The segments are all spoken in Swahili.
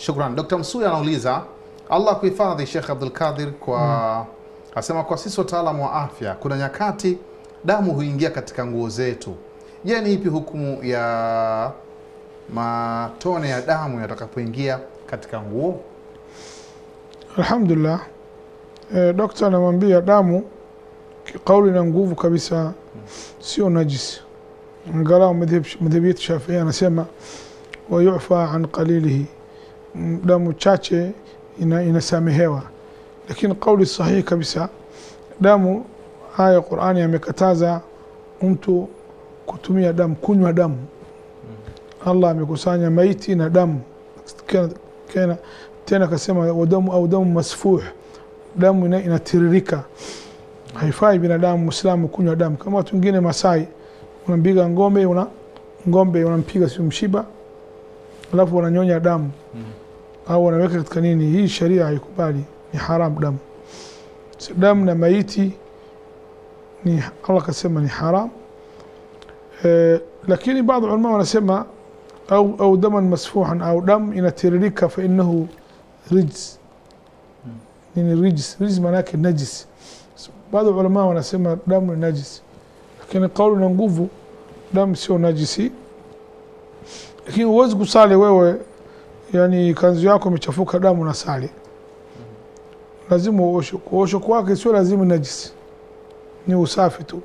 Shukran. Dr. Msuya anauliza Allah kuhifadhi Sheikh Abdul Qadir kwa hmm. Asema kwa sisi wataalamu wa afya kuna nyakati damu huingia katika nguo zetu. Je, ni ipi hukumu ya matone ya damu yatakapoingia katika nguo? Alhamdulillah. E, dokta anamwambia damu kauli na nguvu kabisa hmm. sio najisi. Angalau madhhabi yetu Shafii anasema wa yufa an qalilihi damu mchache ina, inasamehewa. Lakini kauli sahihi kabisa, damu haya Qur'ani yamekataza mtu kutumia damu, kunywa damu. Allah amekusanya maiti na damu kena, tena kasema wadamu au damu masfuh, damu ina inatiririka. Haifai binadamu muislamu kunywa damu. Kama watu wengine Masai, unambiga ngombe una ngombe unampiga, si mshiba, alafu wananyonya damu mm. أو نبكت كنيني هي شريعة يكبالي ني حرام دم دم نميتي ني الله كسمة ني حرام لكن بعض العلماء نسمى أو أو دما مسفوحا أو دم إن تريك فإنه رجس يعني رجس رجس معناك نجس بعض العلماء نسمى دم نجس لكن قول نقول دم سو نجسي لكن وزق صالح وي yani kanzu yako imechafuka damu na sali, lazima uoshe. Kuosho kwake sio lazima najisi, ni usafi tu.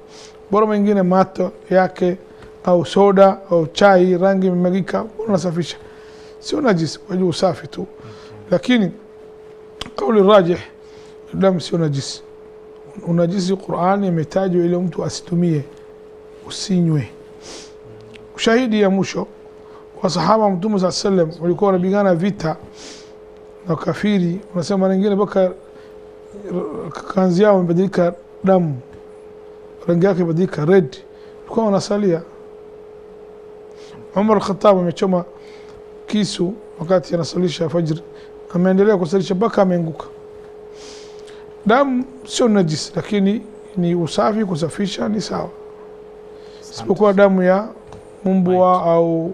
Bora mengine mato yake au soda au chai, rangi imemagika, unasafisha, sio najisi, wajua usafi tu. Lakini kauli rajih, damu sio najisi. Unajisi Qurani imetajwa ile mtu asitumie, usinywe. Ushahidi ya mwisho wasahaba wa mtume saa sallam walikuwa wanapigana vita na kafiri, wanasema mara nyingine mpaka kanzi yao imebadilika damu, rangi yake imebadilika red, walikuwa wanasalia. Umar Khattab amechoma kisu wakati anasalisha fajr, ameendelea kusalisha mpaka ameanguka. Damu sio najis, lakini ni usafi, kusafisha ni sawa, isipokuwa damu ya mumbua au